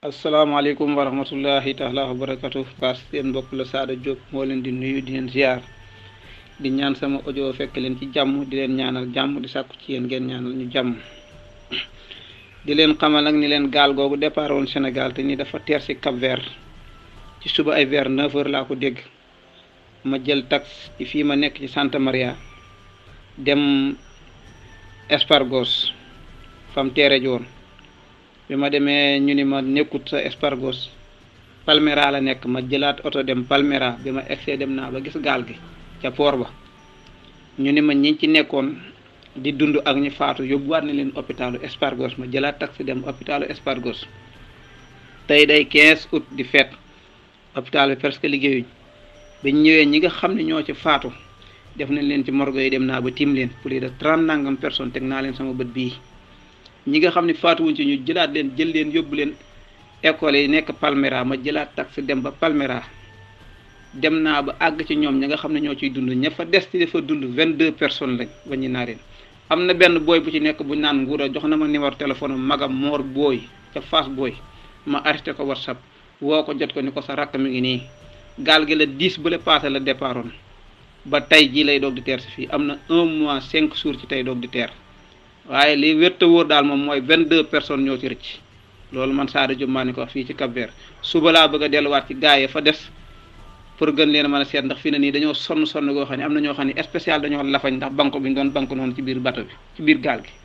asalaamaaleykum wa rahmatullahi taala wa barakatu parce que seen mbokk la Sada Diop moo leen di nuyu di leen ziar di ñaan sama ojo fekk leen ci jàmm di leen ñaanal jàmm di sàkku ci yéen ngeen ñaanal ñu jàmm di leen xamal nag ni leen gaal googu départ woon Sénégal te ni dafa teer ci Cap Vert ci suba ay vers 9 laa ko dégg ma jël tax ci fii ma nekk ci Santa Maria dem Espargos fam teere joon bi ma demee ñu ni ma nekkut sa Espargos Palmera la nekk ma jëlaat oto dem Palmera bi ma egsee dem naa ba gis gaal gi ca poor ba ñu ni ma ñi ci nekkoon di dund ak ñu faatu yóbbuwaat na leen hôpitalu Espargos ma jëlaat taxi dem hôpitalu Espargos tey day 15 août di fête hôpital bi presque liggéeyuñ bañ ñëwee ñi nga xam ne ñoo ci faatu def nañ leen ci morgue yi dem naa ba tiim leen plus de 30 nangam personnes teg naa leen sama bët bii ñi nga xam ni faatuwuñ ci ñu jëlaat leen jël leen yóbbu leen école yi nekk Palmera ma jëlaat taxi dem ba Palmera dem naa ba àgg ci ñoom ñi nga xam ne ñoo ciy dund ña fa des ci dafa dund vingt deux personnes lañ ba ñu naareen am na benn booy bu ci nekk bu naan nguura jox na ma numéro téléphone magam moor booy ca Fass booy ma arrêté ko whatsapp woo ko jot ko ni ko sa rakk mi ngi nii gaal gi la dix bu le passé la départoon ba tey jii lay doog di fii am na un mois cinq jours ci tey doog di waaye lii wér te wóor daal moom mooy vingt deux personnes ñoo ci rëcc loolu man Sadio Diop maa ni ko wax fii ci Cap Vert suba laa bëgg delluwaat ci gaa yi fa des pour gën leen mën a seet ndax fii na nii dañoo sonn sonn goo xam ne am na ñoo xam ne spécial dañoo lafañ ndax banque bi ñu doon banque noonu ci biir bato bi ci biir gaal gi